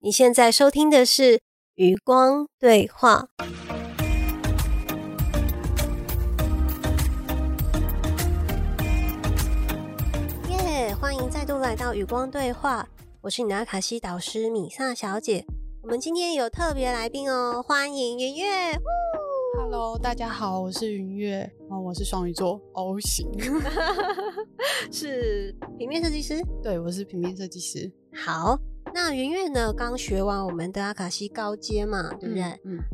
你現在收聽的是《與光對話》。耶，歡迎再度來到《與光對話》，我是你的阿卡西導師米薩小姐。我們今天有特別來賓哦，歡迎云悅。Hello，大家好，我是云悅。哦，我是雙魚座 O 型， 是平面設計師。對，我是平面設計師。好。那云悅呢？剛學完我們的阿卡西高階嘛，對不對？嗯。嗯，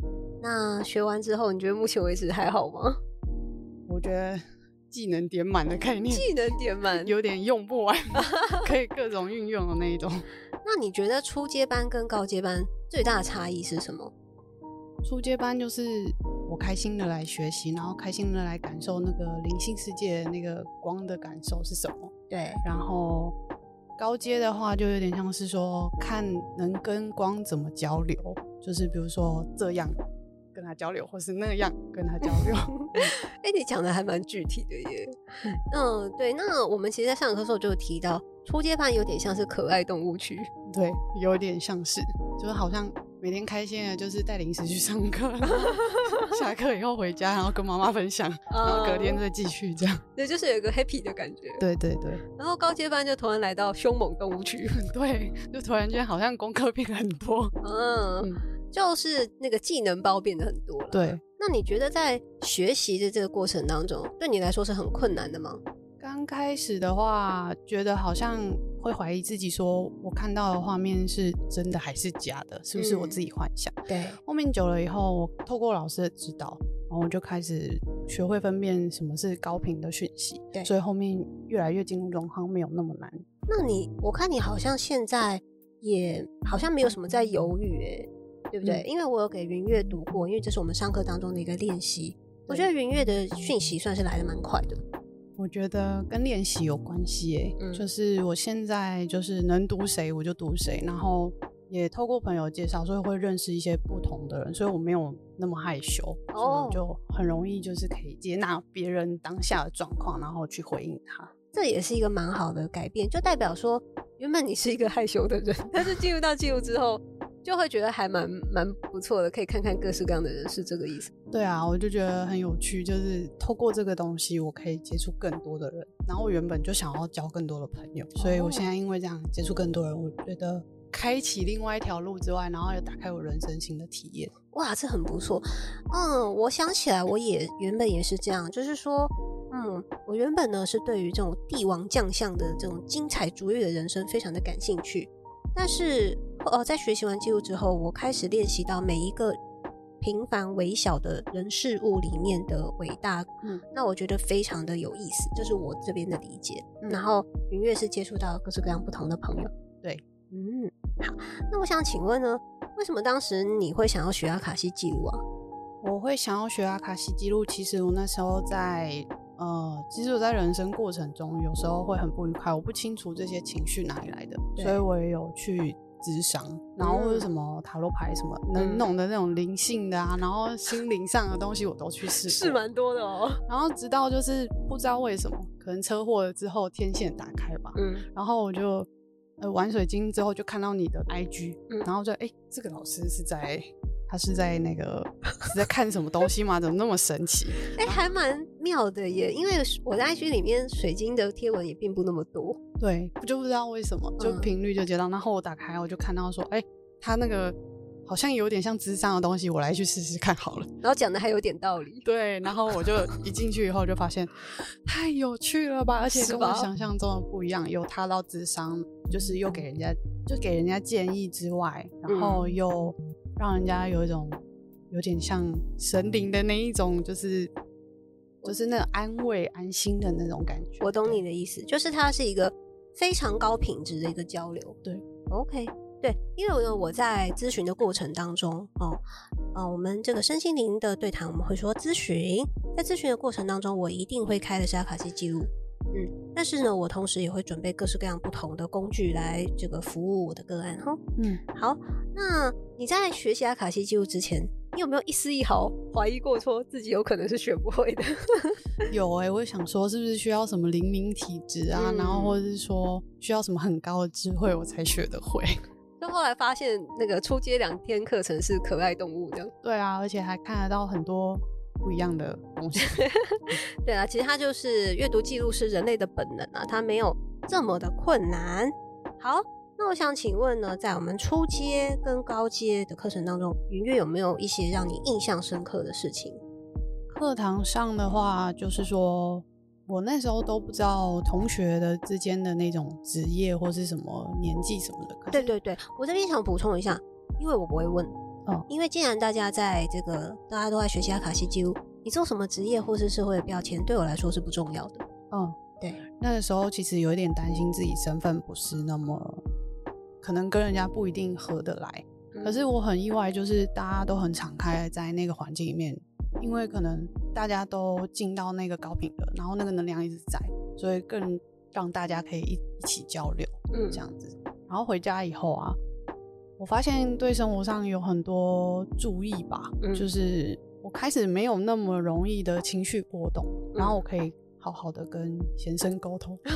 那學完之後，你覺得目前為止還好嗎？我覺得技能點滿的概念，技能點滿 有點用不完， 可以各種運用的那一種。 那你覺得初階班跟高階班最大的差異是什麼？初階班就是我開心的來學習，然後開心的來感受那個靈性世界那個光的感受是什麼。對，然後。高階的話，就有點像是說，看能跟光怎麼交流，就是比如說這樣跟他交流，或是那樣跟他交流。哎、 嗯欸，你講的還蠻具體的耶。嗯，對，那我們其實在上節課的時候就提到，初階班有點像是可愛動物區，對，有點像是，就是好像。每天開心的就是帶零食去上課，下課以後回家，然後跟媽媽分享，然後隔天再繼續這樣。Uh, 對，就是有一個 happy 的感覺。對對對。然後高階班就突然來到凶猛動物區， 對，就突然間好像功課變很多。Uh, 嗯，就是那個技能包變得很多了。對。那你覺得在學習的這個過程當中，對你來說是很困難的嗎？剛開始的話，覺得好像會懷疑自己，說我看到的畫面是真的還是假的，是不是我自己幻想？嗯、對。後面久了以後，我透過老師的指導，然後我就開始學會分辨什麼是高頻的訊息。對。所以後面越來越進入狀況，沒有那麼難。那你，我看你好像現在也好像沒有什麼在猶豫、欸，哎，對不對？嗯、因為我有給雲悅讀過，因為這是我們上課當中的一個練習。對我覺得雲悅的訊息算是來得蠻快的。我覺得跟練習有關係耶、欸。嗯、就是我現在就是能讀誰我就讀誰，嗯、然後也透過朋友介紹，所以會認識一些不同的人，所以我沒有那麼害羞，哦、所以就很容易就是可以接納別人當下的狀況，然後去回應他。這也是一個蠻好的改變，就代表說原本你是一個害羞的人，但是進入到記錄之後。就會覺得還蠻蠻不錯的，可以看看各式各樣的人，是這個意思。對啊，我就覺得很有趣，就是透過這個東西，我可以接觸更多的人。然後我原本就想要交更多的朋友，所以我現在因為這樣、哦、接觸更多人，我覺得開啟另外一條路之外，然後又打開我人生新的體驗。哇，這很不錯。嗯，我想起來，我也原本也是這樣，就是說，嗯，我原本呢是對於這種帝王將相的這種精彩卓越的人生，非常的感興趣。但是，呃、哦，在學習完記錄之後，我開始練習到每一個平凡微小的人事物裡面的偉大。嗯，那我覺得非常的有意思，這、就是我這邊的理解。嗯、然後云悅是接觸到各式各樣不同的朋友。對，嗯，好。那我想請問呢，為什麼當時你會想要學阿卡西記錄啊？我會想要學阿卡西記錄，其實我那時候在。.呃，其實我在人生過程中有時候會很不愉快，嗯、我不清楚這些情緒哪裡來的，對所以我也有去諮商，然後或者什麼塔羅牌什麼能弄、嗯嗯、的那種靈性的啊，然後心靈上的東西我都去試，是蠻多的哦。然後直到就是不知道為什麼，可能車禍之後天線打開吧，嗯，然後我就、呃、玩水晶之後就看到你的 IG，、嗯、然後就哎、欸、這個老師是在，他是在那個、嗯、是在看什麼東西嗎？怎麼那麼神奇？哎、欸，後還蠻妙的耶，因為我在 IG 裡面水晶的貼文也並不那麼多，對，我就不知道為什麼就頻率就接到，嗯、然後我打開我就看到說，哎、欸，他那個好像有點像諮商的東西，我來去試試看好了。然後講的還有點道理，對。然後我就一進去以後就發現、嗯、太有趣了吧，而且跟我想象中的不一樣，有談到諮商，就是又給人家、嗯、就給人家建議之外，然後又讓人家有一種有點像神靈的那一種，就是。就是那個安慰、安心的那種感覺。我懂你的意思，就是它是一個非常高品質的一個交流。對，OK，對，因為我在諮詢的過程當中，哦，嗯、呃，我們這個身心靈的對談，我們會說諮詢，在諮詢的過程當中，我一定會開的是阿卡西記錄，嗯，但是呢，我同時也會準備各式各樣不同的工具來這個服務我的個案，哈、哦，嗯，好，那你在學習阿卡西記錄之前。你有沒有一絲一毫懷疑過，說自己有可能是學不會的？ 有誒、欸，我想說，是不是需要什麼靈敏體質啊？嗯、然後或者是說，需要什麼很高的智慧，我才學得會？但後來發現，那個初階兩天課程是可愛動物這樣。對啊，而且還看得到很多不一樣的東西。 對啊，其實它就是閱讀記錄是人類的本能啊，它沒有這麼的困難。好。那我想請問呢，在我們初階跟高階的課程當中，云悅有沒有一些讓你印象深刻的事情？課堂上的話，就是說我那時候都不知道同學的之間的那種職業或是什麼年紀什麼的。對對對，我這邊想補充一下，因為我不會問哦。嗯、因為既然大家在這個，大家都在學習阿卡西記錄，你做什麼職業或是社會的標籤，對我來說是不重要的。嗯，對。那個時候其實有一點擔心自己身份不是那麼。可能跟人家不一定合得來，嗯、可是我很意外，就是大家都很敞開在那個環境裡面，因為可能大家都進到那個高頻的，然後那個能量一直在，所以更讓大家可以一一起交流、嗯、這樣子。然後回家以後啊，我發現對生活上有很多注意吧，嗯、就是我開始沒有那麼容易的情緒波動，然後我可以好好的跟先生溝通。嗯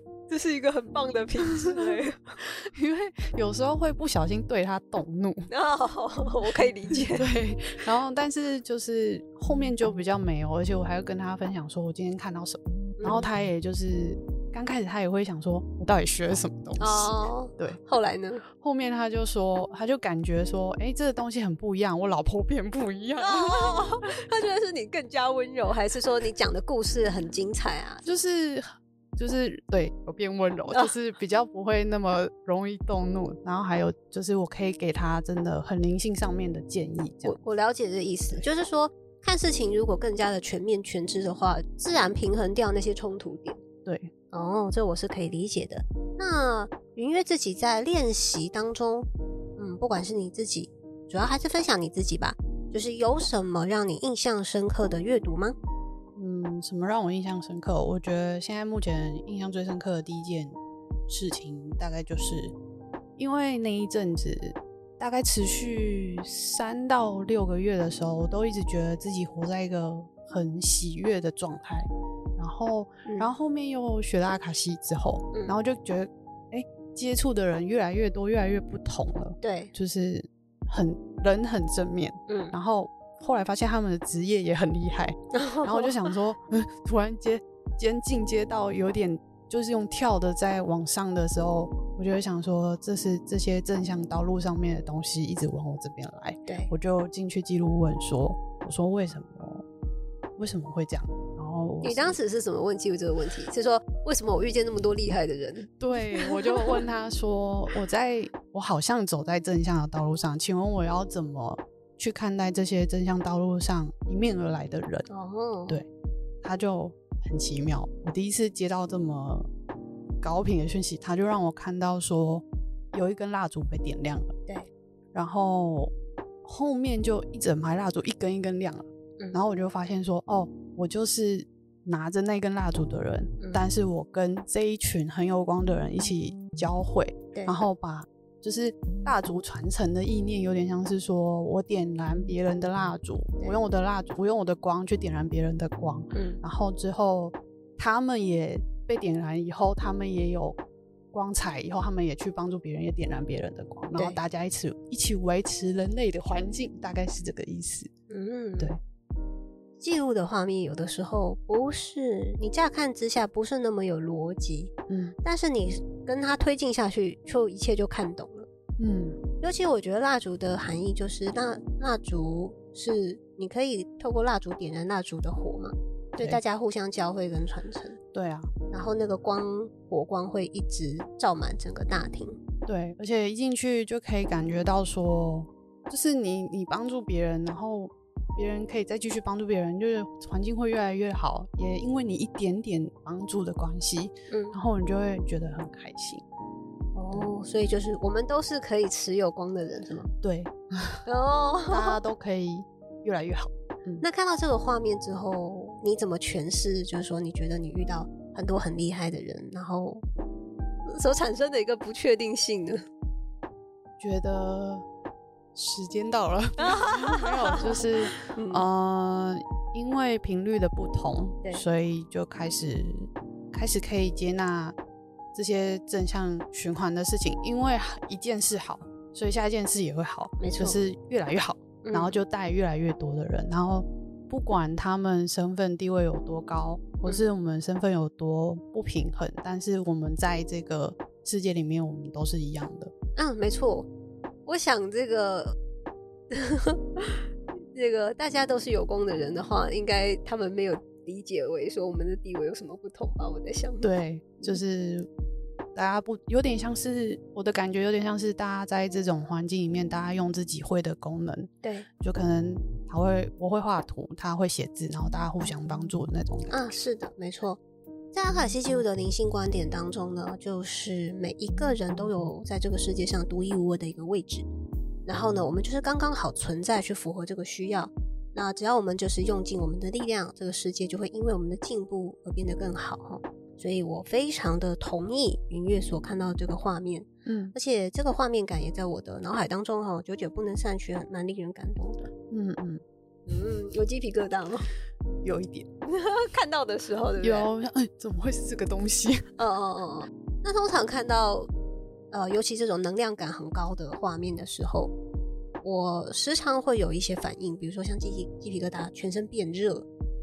這是一個很棒的品質、欸， 因為有時候會不小心對他動怒。啊，oh, 我可以理解。對，然後但是就是後面就比較沒有，而且我還要跟他分享說我今天看到什麼，嗯、然後他也就是剛開始他也會想說，我到底學什麼東西？Oh. 對，後來呢？後面他就說，他就感覺說，哎、欸，這個東西很不一樣，我老婆變不一樣、oh. 他覺得是你更加溫柔，還是說你講的故事很精彩啊？就是。就是對，我變溫柔，就是比較不會那麼容易動怒，啊、然後還有就是我可以給他真的很靈性上面的建議這樣。我我了解這個意思，對就是說看事情如果更加的全面全知的話，自然平衡掉那些衝突點。對，哦，oh, 這我是可以理解的。那云悅自己在練習當中，嗯，不管是你自己，主要還是分享你自己吧，就是有什麼讓你印象深刻的閱讀嗎？嗯，什麼讓我印象深刻？我覺得現在目前印象最深刻的第一件事情，大概就是因為那一陣子，大概持續三到六個月的時候，我都一直覺得自己活在一個很喜悅的狀態。然後，嗯、然後後面又學了阿卡西之後，嗯、然後就覺得，哎、欸，接觸的人越來越多，越來越不同了。對，就是很人很正面。嗯，然後。後來發現他們的職業也很厲害， 然後我就想說，嗯、突然間間進階到有點就是用跳的，在往上的時候，我就會想說，這是這些正向道路上面的東西一直往我這邊來，對，我就進去記錄問說，我說為什麼為什麼會這樣？然後你當時是什麼問記錄這個問題？是說為什麼我遇見那麼多厲害的人？對，我就問他說， 我在我好像走在正向的道路上，請問我要怎麼？去看待這些真相道路上迎面而來的人，哦哦對，他就很奇妙。我第一次接到這麼高頻的訊息，他就讓我看到說有一根蠟燭被點亮了，對，然後後面就一整排蠟燭一根一根亮了，嗯、然後我就發現說，哦，我就是拿着那根蠟燭的人，嗯、但是我跟這一群很有光的人一起交會，嗯、然後把。就是蠟燭傳承的意念，有點像是說我點燃別人的蠟燭，對我用我的蠟燭，我用我的光去點燃別人的光。嗯，然後之後他們也被點燃以後，他們也有光彩以後，他們也去幫助別人，也點燃別人的光，然後大家一起對一起維持人類的環境，大概是這個意思。嗯，對。記錄的畫面有的時候不是你乍看之下不是那麼有邏輯，嗯，但是你跟他推進下去，就一切就看懂了，嗯。尤其我覺得蠟燭的含義就是，那蠟燭是你可以透過蠟燭點燃蠟燭的火嘛，對，對大家互相交匯跟傳承。對啊，然後那個光火光會一直照滿整個大廳。對，而且一進去就可以感覺到說，就是你你幫助別人，然後。別人可以再繼續幫助別人，就是環境會越來越好，也因為你一點點幫助的關係，嗯，然後你就會覺得很開心。哦，對所以就是我們都是可以持有光的人，是是，是嗎？對，然後、哦、 大家都可以越來越好。嗯，那看到這個畫面之後，你怎麼詮釋？就是說，你覺得你遇到很多很厲害的人，然後所產生的一個不確定性呢？覺得。時間到了， 沒有，就是，嗯、呃，因為頻率的不同，對，所以就開始開始可以接納這些正向循環的事情。因為一件事好，所以下一件事也會好，沒錯，就是越來越好，嗯、然後就帶越來越多的人。然後不管他們身份地位有多高，嗯、或是我們身份有多不平衡，但是我們在這個世界裡面，我們都是一樣的。嗯，沒錯。我想這個呵呵，這個大家都是有功的人的話，應該他們沒有理解為說我們的地位有什麼不同吧？我在想。對，就是大家不有點像是我的感覺，有點像是大家在這種環境裡面，大家用自己會的功能，對，就可能他會，我會畫圖，他會寫字，然後大家互相幫助的那種感覺。啊，是的，沒錯。在阿卡西記錄的靈性觀點當中呢，就是每一個人都有在這個世界上獨一無二的一個位置，然後呢，我們就是剛剛好存在去符合這個需要。那只要我們就是用盡我們的力量，這個世界就會因為我們的進步而變得更好。哈，所以我非常的同意云悅所看到的這個畫面，嗯，而且這個畫面感也在我的腦海當中哈、喔，久久不能散去，蠻令人感動的。嗯嗯嗯，嗯有雞皮疙瘩嗎？有一點， 看到的時候對對有、嗯，怎麼會是這個東西？哦哦哦哦，那通常看到，呃，尤其這種能量感很高的畫面的時候，我時常會有一些反應，比如說像雞皮雞皮疙瘩、全身變熱，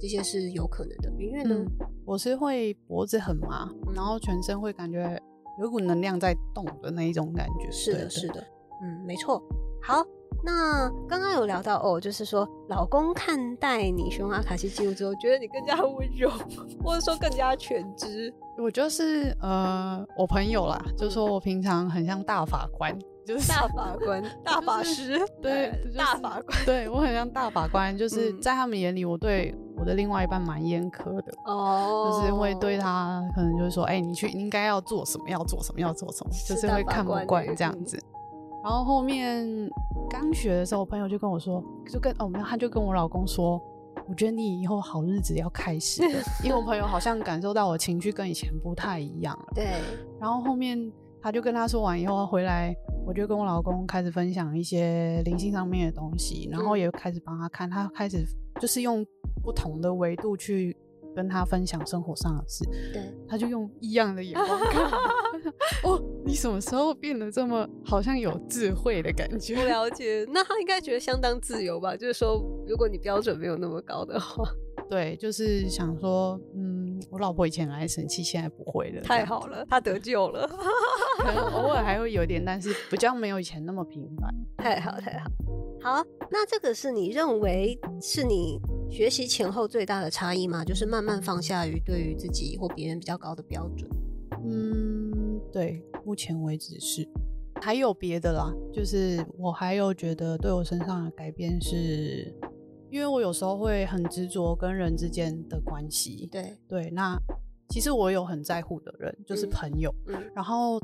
這些是有可能的。因為呢、嗯，我是會脖子很麻，嗯、然後全身會感覺有股能量在動的那一種感覺。是的，對的、是的，嗯，沒錯，好。那剛剛有聊到哦，就是說老公看待你使用阿卡西記錄之後，覺得你更加溫柔，或者說更加全知。我覺得是，就是呃，我朋友啦，就說我平常很像大法官，就是大法官，就是，大法師，對，呃，大法官，就是，對我很像大法官，就是在他們眼裡，我對我的另外一半蠻嚴苛的哦，嗯，就是會對他，可能就是說，哎，欸，你去你應該要做什麼，要做什麼，要做什麼，是就是會看不慣對這樣子。嗯，然後後面。剛學的時候，我朋友就跟我說，就跟哦，他就跟我老公說，我覺得你以後好日子要開始了 因為我朋友好像感受到我情緒跟以前不太一樣了。對。然後後面他就跟他說完以後回來，我就跟我老公開始分享一些靈性上面的東西，然後也開始幫他看，他開始就是用不同的維度去。跟他分享生活上的事，對，他就用異樣的眼光看。 哦，你什麼時候變得這麼好像有智慧的感覺？不了解，那他應該覺得相當自由吧？就是說，如果你標準沒有那麼高的話，對，就是想說，嗯，我老婆以前愛生氣，現在不會了，太好了，但他得救了。可 能、嗯、偶爾還會有，有點，但是比較沒有以前那麼頻繁。太好，太好。好，那這個是你認為是你。學習前後最大的差異嘛，就是慢慢放下於對於自己或別人比較高的標準。嗯，對，目前為止是。還有別的啦，就是我還有覺得對我身上的改變是，因為我有時候會很執着跟人之間的關係。對對，那其實我有很在乎的人，就是朋友。嗯，嗯，然後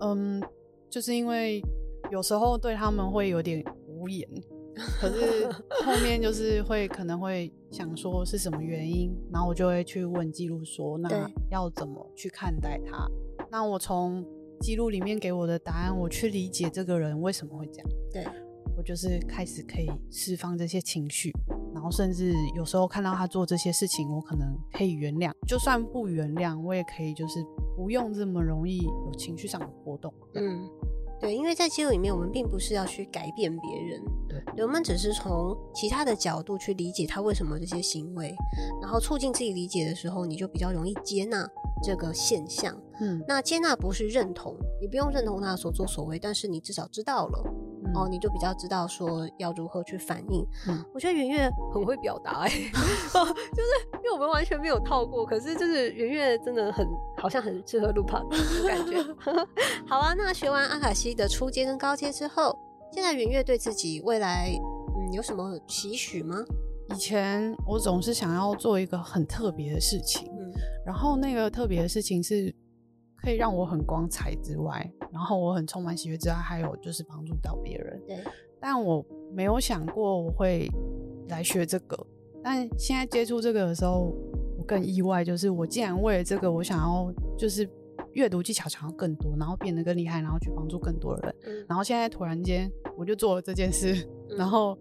嗯，就是因為有時候對他們會有點無言。 可是後面就是會可能會想說是什麼原因，然後我就會去問記錄說，那要怎麼去看待他？對那我從記錄裡面給我的答案，嗯、我去理解這個人為什麼會這樣。對，我就是開始可以釋放這些情緒，然後甚至有時候看到他做這些事情，我可能可以原諒，就算不原諒，我也可以就是不用這麼容易有情緒上的波動。嗯。對，因為在記錄裡面，我們並不是要去改變別人，對，對，我們只是從其他的角度去理解他為什麼這些行為，然後促進自己理解的時候，你就比較容易接納這個現象。嗯，那接納不是認同，你不用認同他的所作所為，但是你至少知道了。哦，你就比較知道說要如何去反應。嗯，我覺得云悅很會表達哎、欸， 就是因為我們完全沒有套過，可是就是云悅真的很，好像很適合錄旁的感覺。 好啊，那學完阿卡西的初階跟高階之後，現在云悅對自己未來嗯有什麼期許嗎？以前我總是想要做一個很特別的事情，嗯、然後那個特別的事情是可以讓我很光彩之外。然後我很充滿喜悅之外，還有就是幫助到別人。對，但我沒有想過我會來學這個。但現在接觸這個的時候，我更意外，就是我竟然為了這個，我想要就是閱讀技巧想要更多，然後變得更厲害，然後去幫助更多的人。嗯、然後現在突然間我就做了這件事。嗯、然後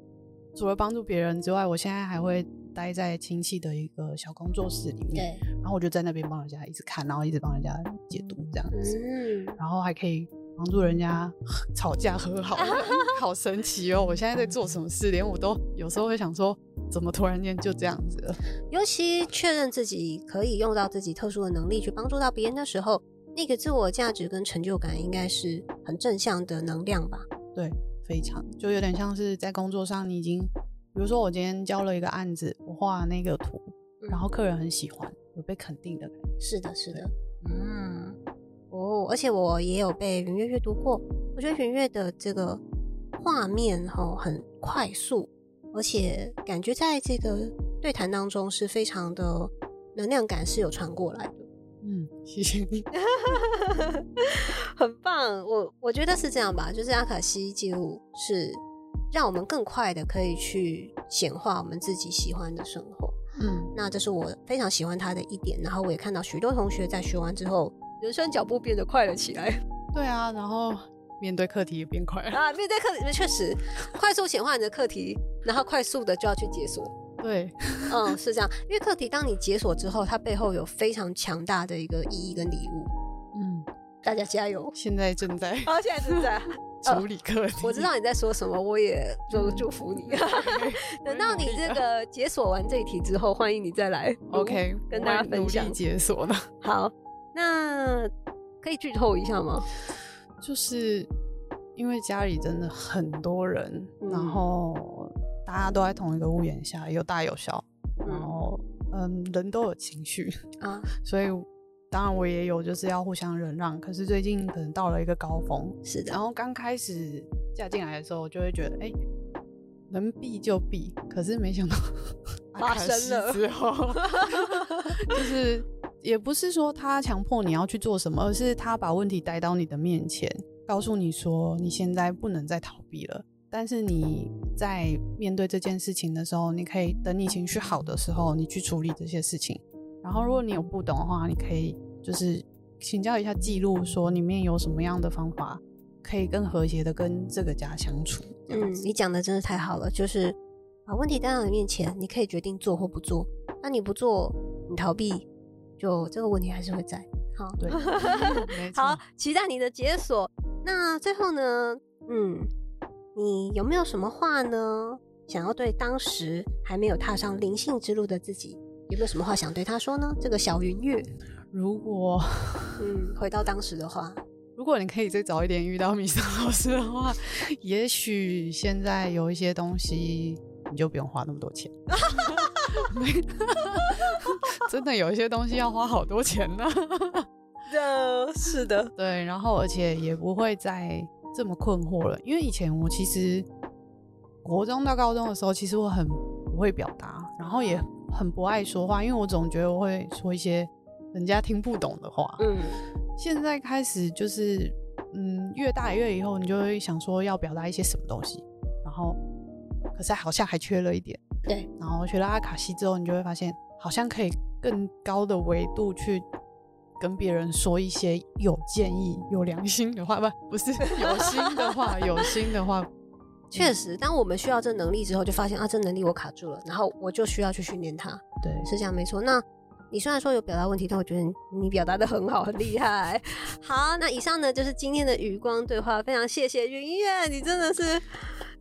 除了幫助別人之外，我現在還會。待在親戚的一個小工作室裡面，對然後我就在那邊幫人家一直看，然後一直幫人家解讀這樣子，嗯、然後還可以幫助人家吵架和好， 好神奇哦！我現在在做什麼事，嗯、連我都有時候會想說，怎麼突然間就這樣子了？尤其確認自己可以用到自己特殊的能力去幫助到別人的時候，那個自我價值跟成就感應該是很正向的能量吧？對，非常，就有點像是在工作上，你已經。比如說，我今天交了一個案子，我畫那個圖，然後客人很喜歡，有被肯定的感覺。是的，是的，是的對，嗯，嗯，哦，而且我也有被云悅閱讀過。我覺得云悅的這個畫面很快速，而且感覺在這個對談當中是非常的能量感是有傳過來的。嗯，謝謝你， 很棒。我我覺得是這樣吧，就是阿卡西記錄是。讓我們更快的可以去顯化我們自己喜歡的生活，嗯，那這是我非常喜歡他的一點。然後我也看到許多同學在學完之後，人生腳步變得快了起來。對啊，然後面對課題也變快了啊，面對課題確實 快速顯化你的課題，然後快速的就要去解鎖。對，嗯，是這樣，因為課題當你解鎖之後，它背後有非常強大的一個意義跟禮物。嗯，大家加油。現在正在、啊！現在正在，哦，現在正在。處理課題。哦，我知道你在說什麼，我也就祝福你。嗯、 等到你這個解鎖完這一題之後，嗯、歡迎你再來。OK，跟大家分享解鎖呢。好，那可以劇透一下嗎？就是因為家裡真的很多人，嗯、然後大家都在同一個屋檐下，有大有小，然後嗯，人都有情緒啊，所以。當然，我也有就是要互相忍讓。可是最近可能到了一個高峰。是的。然後剛開始嫁進來的時候，我就會覺得，哎、欸，能避就避。可是沒想到發生了之後， 就是也不是說他強迫你要去做什麼，而是他把問題帶到你的面前，告訴你說你現在不能再逃避了。但是你在面對這件事情的時候，你可以等你情緒好的時候，你去處理這些事情。然後，如果你有不懂的話，你可以就是請教一下記錄，說裡面有什麼樣的方法可以更和諧的跟這個家相處。嗯，你講的真的太好了，就是把問題帶到你面前，你可以決定做或不做。那你不做，你逃避，就這個問題還是會在。好，對， 嗯、好，期待你的解鎖。那最後呢？嗯，你有沒有什麼話呢，想要對當時還沒有踏上靈性之路的自己？有沒有什麼話想對他說呢？這個小云悅，如果嗯，回到當時的話，如果你可以再早一點遇到米薩老師的話，也許現在有一些東西你就不用花那麼多錢。 真的有一些東西要花好多錢呢。這、 uh, 是的，對，然後而且也不會再這麼困惑了，因為以前我其實國中到高中的時候，其實我很不會表達，然後也。很不愛說話，因為我總覺得我會說一些人家聽不懂的話。嗯，現在開始就是，嗯，越大越以後，你就會想說要表達一些什麼東西，然後可是好像還缺了一點。對，然後學到阿卡西之後，你就會發現好像可以更高的維度去跟別人說一些有建議、有良心的話吧？不是 有心的話，有心的話。 確實，當我們需要這能力之後，就發現啊，這能力我卡住了，然後我就需要去訓練它。對，是這樣沒錯。那你雖然說有表達問題，但我覺得你表達得很好，很厲害。 好，那以上呢就是今天的余光對話，非常謝謝云悅，你真的是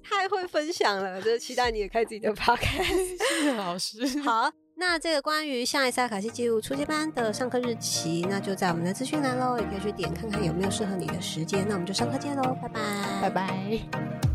太會分享了， 就是期待你也開自己的 Podcast 老師， 好，那這個關於下一次阿卡西紀錄初階班的上課日期，那就在我們的資訊欄嘍，也可以去點看看有沒有適合你的時間。那我們就上課見嘍，拜，拜拜。拜拜。